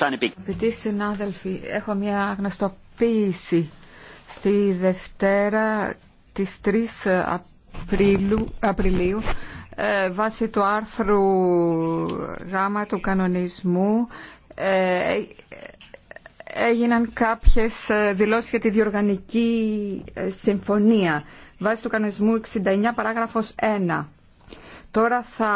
Αγαπητοί συνάδελφοι, έχω μια γνωστοποίηση. Στη Δευτέρα της 3 Απριλίου, Απριλίου ε, βάσει του άρθρου γάμα του κανονισμού ε, έγιναν κάποιες ε, δηλώσεις για τη διοργανική ε, συμφωνία βάσει του κανονισμού 69 παράγραφος 1. Τώρα θα